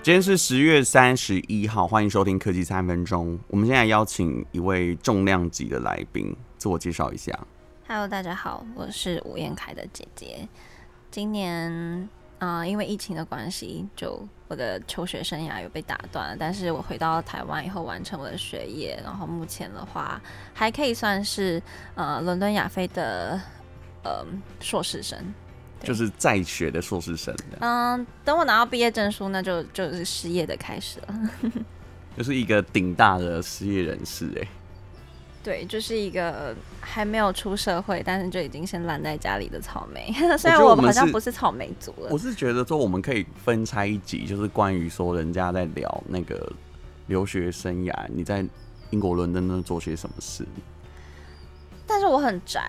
今天是十月三十一號，歡迎收聽科技三分鐘。我們現在邀請一位重量級的來賓，自我介紹一下。Hello，大家好，我是吳彥凱的姐姐。今年啊、呃，因為疫情的關係，就我的求學生涯又被打斷了。但是我回到台灣以後，完成了學業，然後目前的話，還可以算是呃倫敦亞非的呃碩士生。對就是在學的碩士生的。嗯，等我拿到畢業證書，那就就是失業的開始了， 就是一個頂大的失業人士哎、欸，對，就是一個還沒有出社會，但是就已經先爛在家裡的草莓，雖然我們好像不是草莓族了。我是覺得說我們可以分拆一集，就是關於說人家在聊那個留學生涯，你在英國倫敦能做些什麼事，但是我很宅。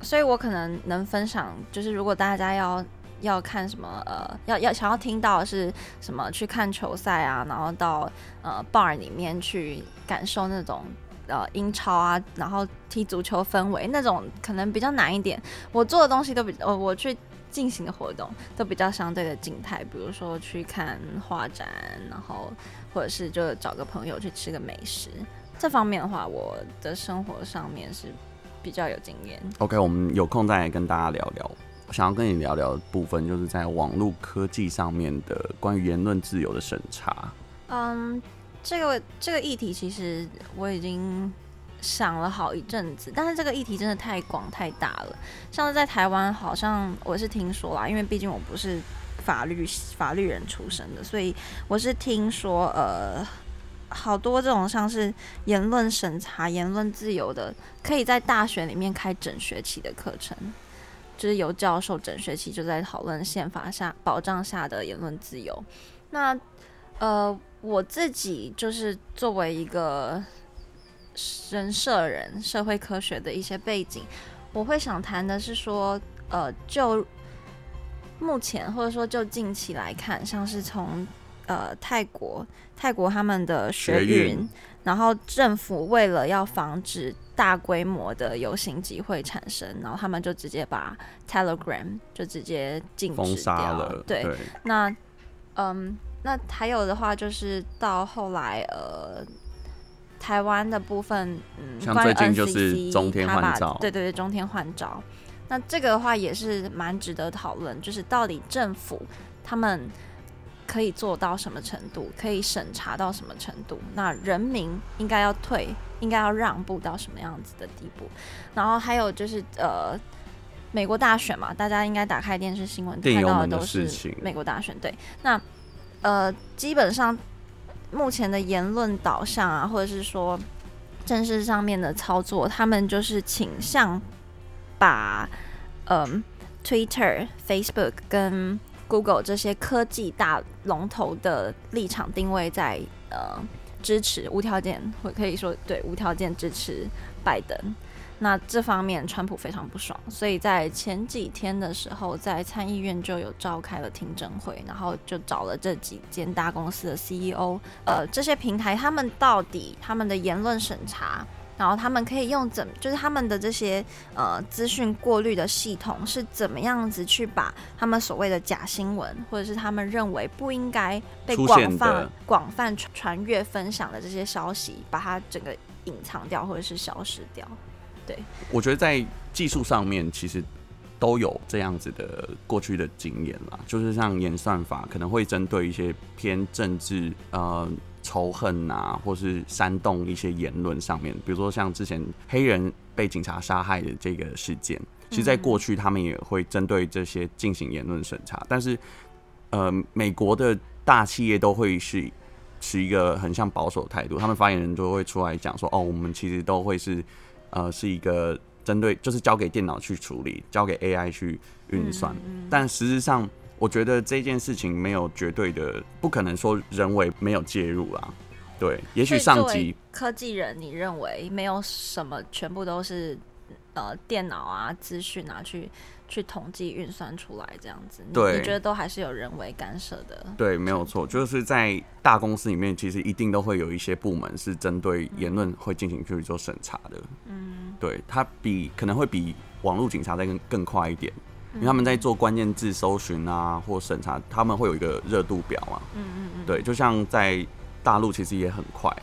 所以我可能能分享，就是如果大家要要看什麼，呃，要要想要聽到是什麼，去看球賽啊，然後到呃 bar 裡面去感受那種呃英超啊，然後踢足球氛圍那種，可能比較難一點。我做的東西都比，我、呃、我去進行的活動都比較相對的靜態，比如說去看畫展，然後或者是就找個朋友去吃個美食。這方面的話，我的生活上面是。比較有經驗。OK，我們有空再來跟大家聊聊。我想要跟你聊聊的部分，就是在網絡科技上面的關於言論自由的審查。嗯，這個這個議題其實我已經想了好一陣子，但是這個議題真的太廣太大了。上次在台灣，好像我是聽說啦，因為畢竟我不是法律法律人出身的，所以我是聽說呃。好多這種像是言論審查、言論自由的，可以在大學裡面開整學期的課程，就是由教授整學期就在討論憲法下保障下的言論自由。那呃，我自己就是作為一個人社人、社會科學的一些背景，我會想談的是說，呃，就目前或者說就近期來看，像是從。呃，泰國，泰國他們的學運，運，然後政府為了要防止大規模的游行集會產生，然後他們就直接把 Telegram 就直接禁止掉了。對，對那嗯、呃，那還有的話就是到後來呃，台灣的部分，嗯，像最近就是中天換照，對對對，中天換照。那這個的話也是蠻值得討論，就是到底政府他們。可以做到什麼程度？可以審查到什麼程度？那人民應該要退，應該要讓步到什麼樣子的地步？然後還有就是呃，美國大選嘛，大家應該打開電視新聞看到的都是美國大選。對，那呃，基本上目前的言論導向啊，或者是說政治上面的操作，他們就是傾向把嗯，呃，Twitter、Facebook 跟。Google 這些科技大龍頭的立場定位在，呃，支持無條件，或可以說對無條件支持拜登。那這方面川普非常不爽，所以在前幾天的時候，在參議院就有召開了聽證會，然後就找了這幾間大公司的 CEO，呃，這些平台他們到底他們的言論審查。然後他們可以用怎，就是他們的這些呃資訊過濾的系統是怎麼樣子去把他們所謂的假新聞，或者是他們認為不應該被廣泛廣泛傳閱、分享的這些消息，把它整個隱藏掉或者是消失掉。對，我覺得在技術上面其實都有這樣子的過去的經驗啦，就是像演算法可能會針對一些偏政治啊。呃仇恨啊，或是煽動一些言論上面，比如說像之前黑人被警察殺害的這個事件，其實在過去他們也會針對這些進行言論審查，但是，呃，美國的大企業都會是持一個很像保守態度，他們發言人都會出來講說，哦，我們其實都會是呃是一個針對，就是交給電腦去處理，交給 AI 去運算，但實質上。我覺得這件事情沒有絕對的，不可能說人為沒有介入啊。對，也許上級科技人，你認為沒有什麼，全部都是呃電腦啊、資訊啊去去統計運算出來這樣子。對，你覺得都還是有人為干涉的？對，沒有錯，就是在大公司裡面，其實一定都會有一些部門是針對言論會進行去做審查的。嗯，對，它比可能會比網絡警察再更更快一點。因為他們在做關鍵字搜尋啊，或審查，他們會有一個熱度表啊。嗯嗯嗯。對，就像在大陸，其實也很快，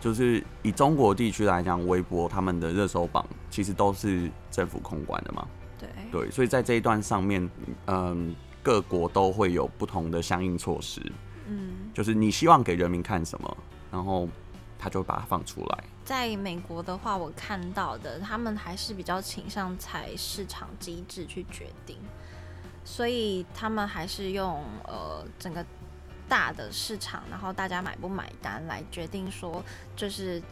就是以中國地區來講，微博他們的熱搜榜其實都是政府控管的嘛。對。對，所以在這一段上面，嗯，各國都會有不同的相應措施。嗯。就是你希望給人民看什麼，然後他就把它放出來。在美國的話，我看到的他們還是比較傾向採市場機制去決定，所以他們還是用呃整個大的市場，然後大家買不買單來決定說，說就是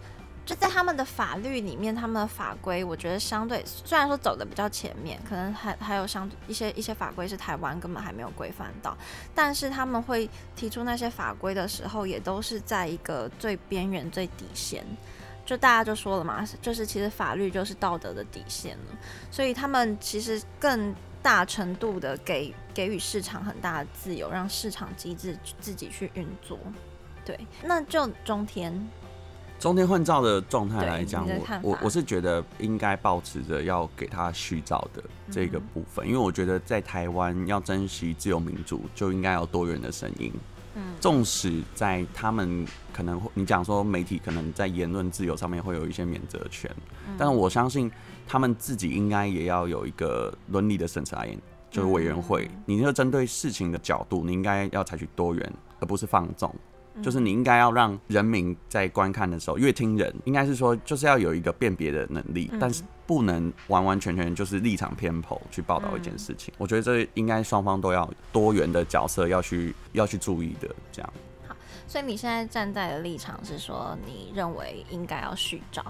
就在他們的法律裡面，他們的法規，我覺得相對雖然說走得比較前面，可能還還有相對一些一些法規是台灣根本還沒有規範到，但是他們會提出那些法規的時候，也都是在一個最邊緣最底線。就大家就說了嘛，就是其實法律就是道德的底線了，所以他們其實更大程度的給給予市場很大的自由，讓市場機制自己去運作。對，那就中天，中天換照的狀態來講，我我我是覺得應該保持着要給他續照的這個部分，嗯、因為我覺得在台灣要珍惜自由民主，就應該有多元的聲音。縱使在他們可能會，你講說媒體可能在言論自由上面會有一些免責權，但是我相信他們自己應該也要有一個倫理的審查員，就是委員會。你就針對事情的角度，你應該要採取多元，而不是放縱。就是你應該要讓人民在觀看的時候閱聽人，應該是說就是要有一個辨別的能力。但是。不能完完全全就是立場偏頗去報道一件事情，我覺得這應該雙方都要多元的角色要去要去注意的這樣。好，所以你現在站在的立場是說，你認為應該要續照？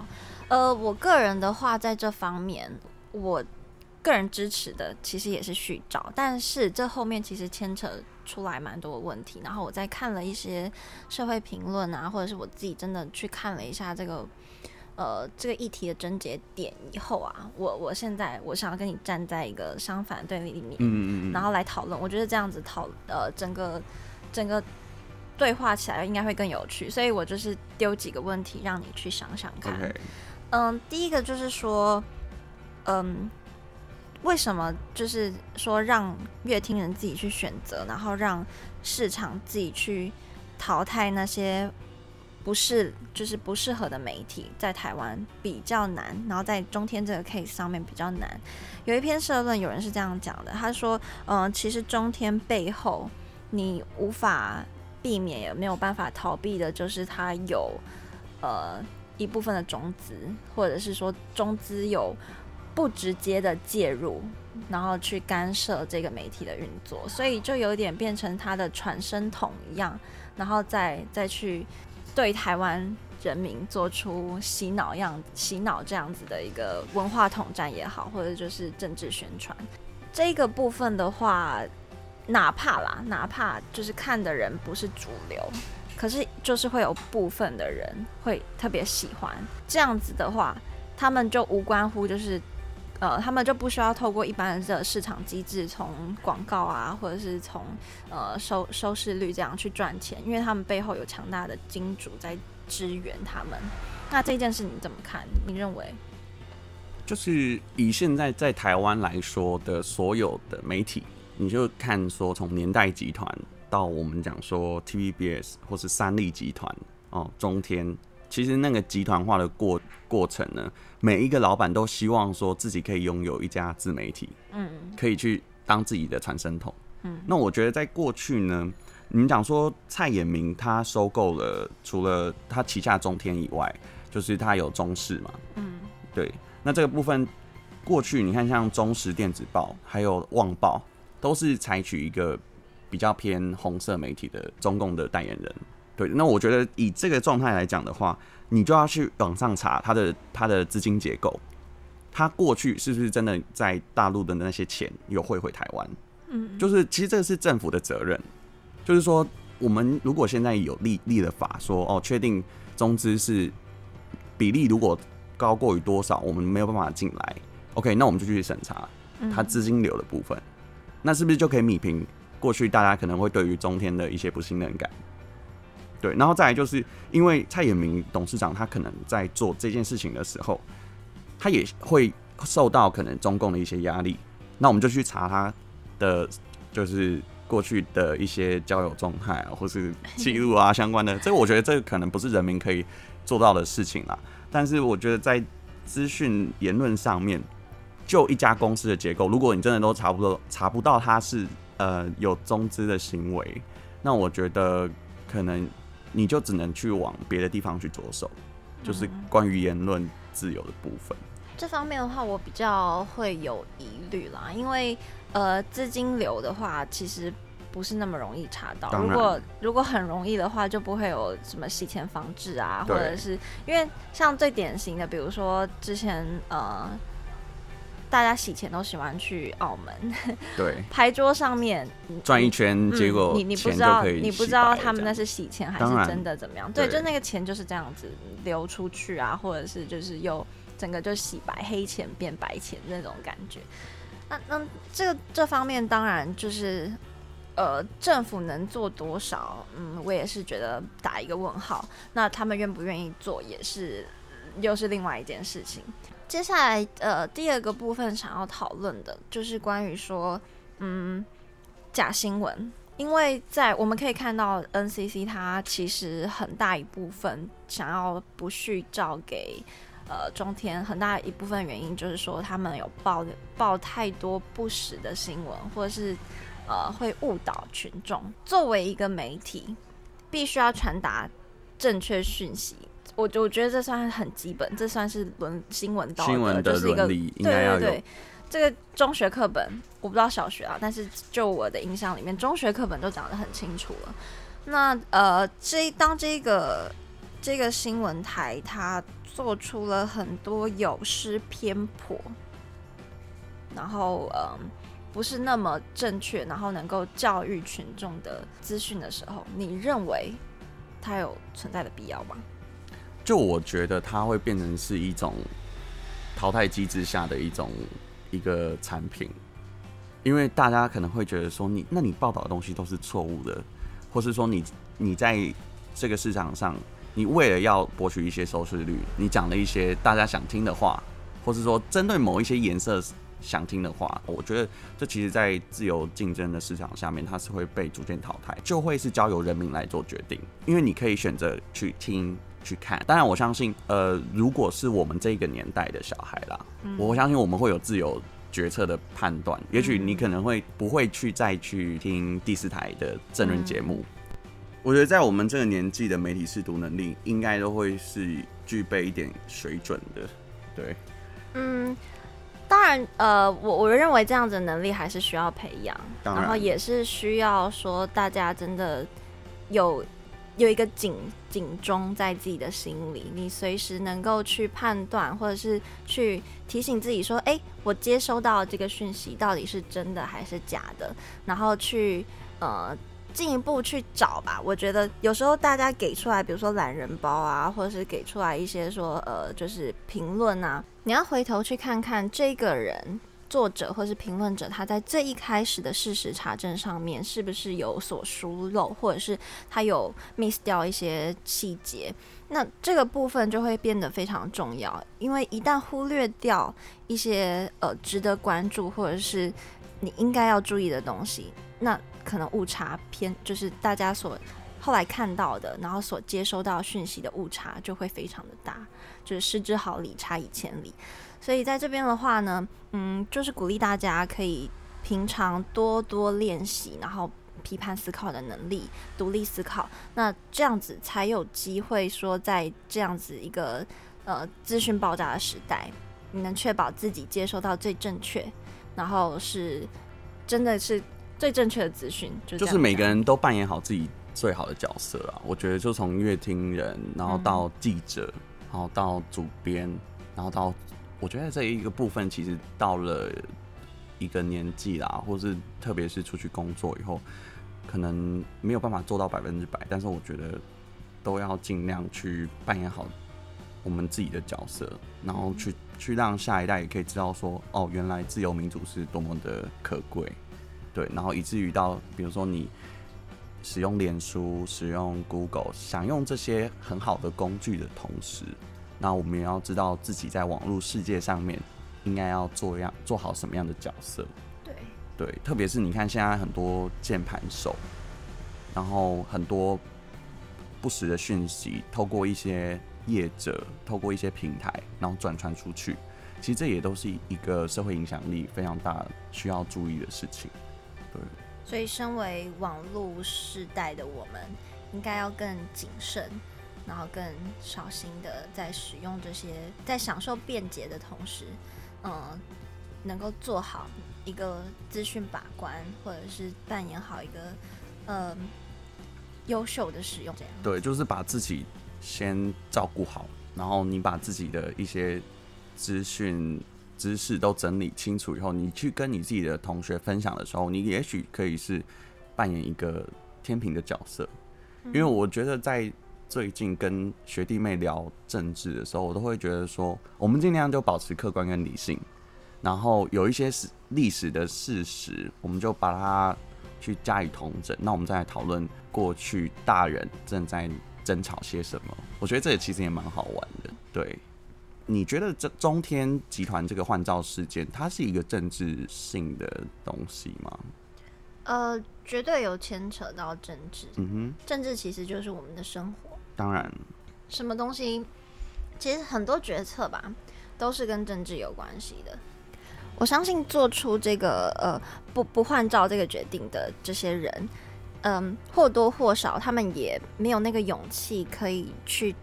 呃，我個人的話，在這方面，我個人支持的其實也是續照，但是這後面其實牽扯出來蠻多的問題。然後我在看了一些社會評論啊，或者是我自己真的去看了一下這個。呃，這個議題的癥結點以後啊，我我現在我想要跟你站在一個相反對立裡面，嗯嗯嗯然後來討論。我覺得這樣子討呃整個整個對話起來應該會更有趣，所以我就是丟幾個問題讓你去想想看。嗯 Okay.、呃，第一個就是說，嗯、呃，為什麼就是說讓閱聽人自己去選擇，然後讓市場自己去淘汰那些？不是，就是不適合的媒體，在台灣比較難，然後在中天這個 case 上面比較難。有一篇社論，有人是這樣講的，他說：“嗯、呃，其實中天背後，你無法避免也沒有辦法逃避的，就是它有呃一部分的中資，或者是說中資有不直接的介入，然後去干涉這個媒體的運作，所以就有點變成它的傳聲筒一樣，然後再再去。”對台灣人民做出洗腦樣子、洗腦這樣子的一個文化統戰也好，或者就是政治宣傳，這個部分的話，哪怕啦，哪怕就是看的人不是主流，可是就是會有部分的人會特別喜歡這樣子的話，他們就無關乎就是。呃，他們就不需要透過一般的市場機制，從廣告啊，或者是從呃收收視率這樣去賺錢，因為他們背後有強大的金主在支援他們。那這件事你怎麼看？你認為？就是以現在在台灣來說的所有的媒體，你就看說從年代集團到我們講說 TVBS 或是三立集團哦，中天。其實那個集團化的過過程呢，每一個老闆都希望說自己可以擁有一家自媒體，嗯嗯，可以去當自己的傳聲筒。嗯，那我覺得在過去呢，你們講說蔡衍明他收購了，除了他旗下中天以外，就是他有中視嘛，嗯，對，那這個部分過去你看像中時電子報還有旺報，都是採取一個比較偏紅色媒體的中共的代言人。對，那我覺得以這個狀態來講的話，你就要去網上查他的他的資金結構，他過去是不是真的在大陸的那些錢有匯回，回台灣？嗯，就是其實這個是政府的責任，就是說我們如果現在有立立了法說，說哦，確定中資是比例如果高過於多少，我們沒有辦法進來。OK，那我們就去審查他資金流的部分，嗯，那是不是就可以抹平過去大家可能會對於中天的一些不信任感？對，然後再來就是因為蔡衍明董事長他可能在做這件事情的時候，他也會受到可能中共的一些壓力。那我們就去查他的就是過去的一些交友狀態啊，或是記錄啊，相關的。這個我覺得這個可能不是人民可以做到的事情啦。但是我覺得在資訊言論上面，就一家公司的結構，如果你真的都查不到，查不到他是呃有中資的行為，那我覺得可能。你就只能去往別的地方去着手，就是關於言論自由的部分。嗯、這方面的話，我比較會有疑慮啦，因為呃，資金流的話，其實不是那麼容易查到。然如果如果很容易的話，就不會有什麼洗錢防治啊，對或者是因為像最典型的，比如說之前呃。大家洗錢都喜歡去澳門，對，牌桌上面轉一圈，嗯、結果你你不知道，你不知道他們那是洗錢還是真的怎麼樣？然對，就那個錢就是這樣子流出去啊，對或者是就是又整個就洗白黑錢變白錢那種感覺。那那這個這方面當然就是呃，政府能做多少，嗯，我也是覺得打一個問號。那他們願不願意做也是、嗯、又是另外一件事情。接下來，呃，第二個部分想要討論的就是關於說，嗯，假新聞。因為在我們可以看到，NCC 它其實很大一部分想要不續照給，呃，中天很大一部分原因就是說，他們有報報太多不實的新聞，或者是呃，會誤導群眾。作為一個媒體，必須要傳達正確訊息。我我覺得這算是很基本，這算是論新聞道德、新聞的倫理，應該要就是一個對對對，這個中學課本，我不知道小學啊，但是就我的印象裡面，中學課本都講得很清楚了。那呃，這當這個這個新聞台它做出了很多有失偏頗，然後嗯、呃，不是那麼正確，然後能夠教育群眾的資訊的時候，你認為它有存在的必要嗎？就我覺得它會變成是一種淘汰機制下的一種一個產品，因為大家可能會覺得說，你那你報道的東西都是錯誤的，或是說你你在這個市場上，你為了要博取一些收視率，你講了一些大家想聽的話，或是說針對某一些顏色想聽的話，我覺得這其實，在自由競爭的市場下面，它是會被逐漸淘汰，就會是交由人民來做決定，因為你可以選擇去聽，去看，當然我相信，呃，如果是我們這個年代的小孩啦，嗯、我相信我們會有自由決策的判斷。嗯、也許你可能會不會去再去聽第四台的政論節目。嗯、我覺得在我們這個年紀的媒體識讀能力，應該都會是具備一點水準的。對，嗯，當然，呃，我我認為這樣子的能力還是需要培養，然，然後也是需要說大家真的有。有一個警警鐘在自己的心裡，你隨時能夠去判斷，或者是去提醒自己說：“哎、欸，我接收到這個訊息到底是真的還是假的？”然後去呃進一步去找吧。我覺得有時候大家給出來，比如說懶人包啊，或者是給出來一些說呃就是評論啊，你要回頭去看看這個人。作者或是評論者，他在最一開始的事實查證上面，是不是有所疏漏，或者是他有 miss 掉一些細節？那這個部分就會變得非常重要，因為一旦忽略掉一些呃值得關注或者是你應該要注意的東西，那可能誤差偏就是大家所後來看到的，然後所接收到訊息的誤差就會非常的大，就是失之毫釐，差以千里。所以在這邊的話呢，嗯，就是鼓勵大家可以平常多多練習，然後批判思考的能力，獨立思考，那這樣子才有機會說，在這樣子一個呃資訊爆炸的時代，你能確保自己接收到最正確，然後是真的是最正確的資訊，就，就是每個人都扮演好自己最好的角色啊。我覺得就從閱聽人，然後到記者，然後到主編，然後到。我覺得這一個部分，其實到了一個年紀啦，或者是特別是出去工作以後，可能沒有辦法做到百分之百，但是我覺得都要盡量去扮演好我們自己的角色，然後去去讓下一代也可以知道說，哦，原來自由民主是多麼的可貴，對，然後以至於到比如說你使用臉書、使用 Google，想用這些很好的工具的同時。那我們也要知道自己在網絡世界上面應該要做樣做好什麼樣的角色，對對，特別是你看現在很多鍵盤手，然後很多不實的訊息透過一些業者，透過一些平台，然後轉傳出去，其實這也都是一個社會影響力非常大需要注意的事情，對。所以，身為網絡世代的我們，應該要更謹慎。然後更小心地在使用這些，在享受便捷的同時，嗯，能夠做好一個資訊把關，或者是扮演好一個，呃、嗯，優秀的使用，這樣。對，就是把自己先照顧好，然後你把自己的一些資訊知識都整理清楚以後，你去跟你自己的同學分享的時候，你也許可以是扮演一個天平的角色，因為我覺得在。最近跟學弟妹聊政治的時候，我都會覺得說，我們盡量就保持客觀跟理性，然後有一些是歷史的事實，我們就把它去加以統整。那我們再來討論過去大人正在爭吵些什麼。我覺得這也其實也蠻好玩的。對，你覺得這中天集團這個換照事件，它是一個政治性的東西嗎？呃，絕對有牽扯到政治。嗯哼，政治其實就是我們的生活。當然，什麼東西其實很多決策吧，都是跟政治有關係的。我相信做出這個呃不不換照這個決定的這些人，嗯、呃，或多或少他們也沒有那個勇氣可以去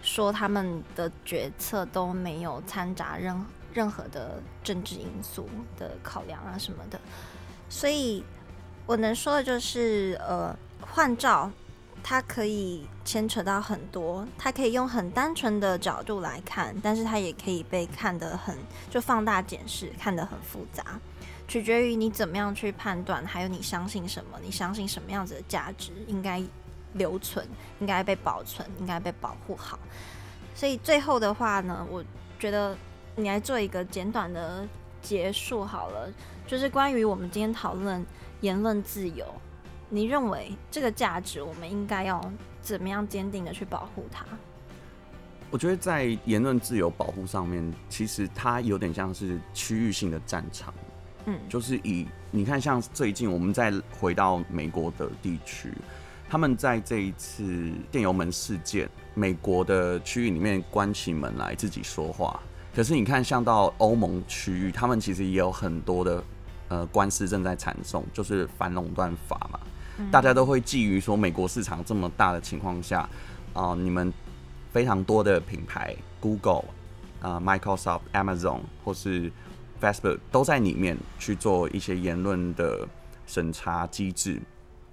說他們的決策都沒有摻雜任任何的政治因素的考量啊，什麼的。所以我能說的就是，呃，換照。它可以牽扯到很多，它可以用很單純的角度來看，但是它也可以被看得很就放大檢視，看得很複雜，取決於你怎麼樣去判斷，還有你相信什麼，你相信什麼樣子的價值應該留存，應該被保存，應該被保護好。所以最後的話呢，我覺得你來做一個簡短的結束好了，就是關於我們今天討論言論自由。你認為這個價值我們應該要怎麼樣堅定的去保護它？我覺得在言論自由保護上面，其實它有點像是區域性的戰場。嗯，就是以你看，像最近我們再回到美國的地區，他們在這一次電郵門事件，美國的區域裡面關起門來自己說話。可是你看，像到歐盟區域，他們其實也有很多的呃官司正在纏訟，就是反壟斷法嘛。大家都會覬覦說，美國市場這麼大的情況下，啊、呃，你們非常多的品牌，Google、呃、啊 Microsoft、Amazon 或是 Facebook 都在裡面去做一些言論的審查機制。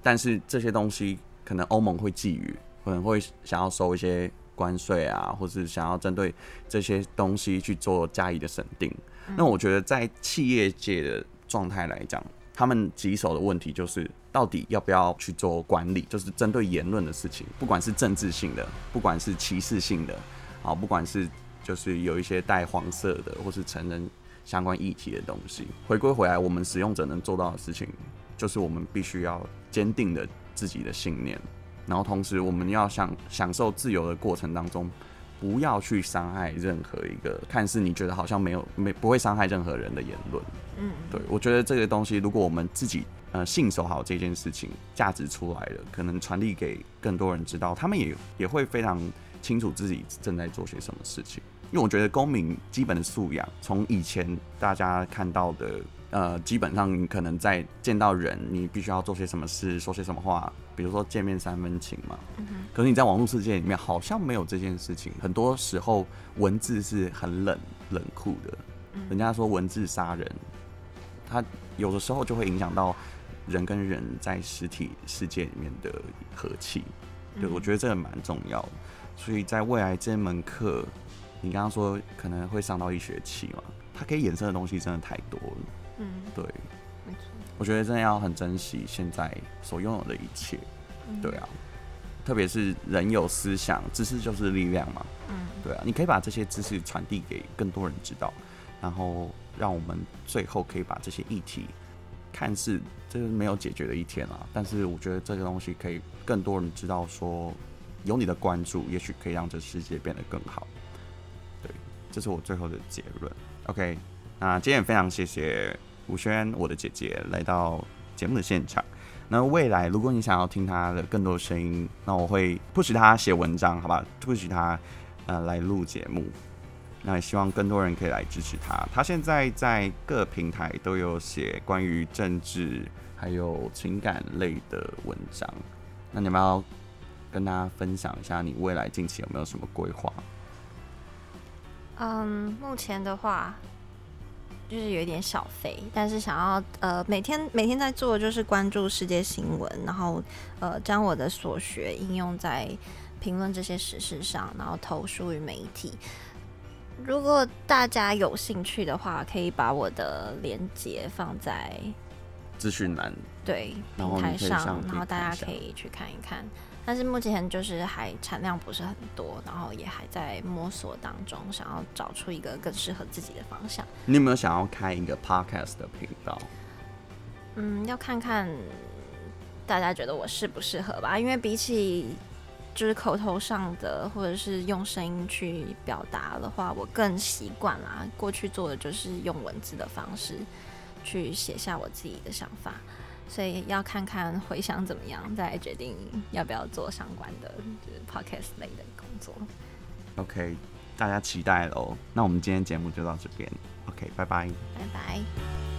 但是這些東西可能歐盟會覬覦，可能會想要收一些關稅啊，或是想要針對這些東西去做加以的審定。那我覺得在企業界的狀態來講，他們棘手的問題就是，到底要不要去做管理，就是針對言論的事情，不管是政治性的，不管是歧視性的，啊，不管是就是有一些帶黃色的或是成人相關議題的東西。回歸回來，我們使用者能做到的事情，就是我們必須要堅定的自己的信念，然後同時我們要享享受自由的過程當中。不要去傷害任何一個看似你覺得好像沒有沒不會傷害任何人的言論，嗯，對我覺得這個東西，如果我們自己呃信守好這件事情，價值出來了，可能傳遞給更多人知道，他們也也會非常清楚自己正在做些什麼事情。因為我覺得公民基本的素養，從以前大家看到的。呃，基本上你可能在見到人，你必須要做些什麼事，說些什麼話，比如說見面三分情嘛。嗯哼。可是你在網絡世界裡面好像沒有這件事情，很多時候文字是很冷冷酷的。人家說文字殺人，嗯。他有的時候就會影響到人跟人在實體世界裡面的和氣。嗯哼。對，我覺得這個蠻重要的。所以在未來這門課，你剛剛說可能會上到一學期嘛，它可以衍生的東西真的太多了。對，沒錯，我覺得真的要很珍惜現在所擁有的一切。對啊，特別是人有思想，知識就是力量嘛。嗯，對啊，你可以把這些知識傳遞給更多人知道，然後讓我們最後可以把這些議題，看似這是沒有解決的一天啊，但是我覺得這個東西可以更多人知道，說有你的關注，也許可以讓這世界變得更好。對，這是我最後的結論。OK，那今天也非常謝謝。武軒，我的姐姐來到節目的現場。那未來，如果你想要聽她的更多聲音，那我會 push 她寫文章，好吧？push 她呃來錄節目。那也希望更多人可以來支持她。她現在在各平台都有寫關於政治還有情感類的文章。那你要不要跟大家分享一下，你未來近期有沒有什麼規劃？嗯，目前的話。就是有一點小肥，但是想要呃每天每天在做，就是關注世界新聞，然後呃將我的所學應用在評論這些時事上，然後投書於媒體。如果大家有興趣的話，可以把我的鏈接放在資訊欄對平台上，然後，上然後大家可以去看一看。但是目前就是還產量不是很多，然後也還在摸索當中，想要找出一個更適合自己的方向。你有沒有想要開一個 podcast 的頻道？嗯，要看看大家覺得我適不適合吧。因為比起就是口頭上的，或者是用聲音去表達的話，我更習慣啦。過去做的就是用文字的方式去寫下我自己的想法。所以要看看回想怎麼樣，再決定要不要做相關的就是 podcast 類的工作。OK，大家期待囉。那我們今天節目就到這邊。OK，拜拜，拜拜。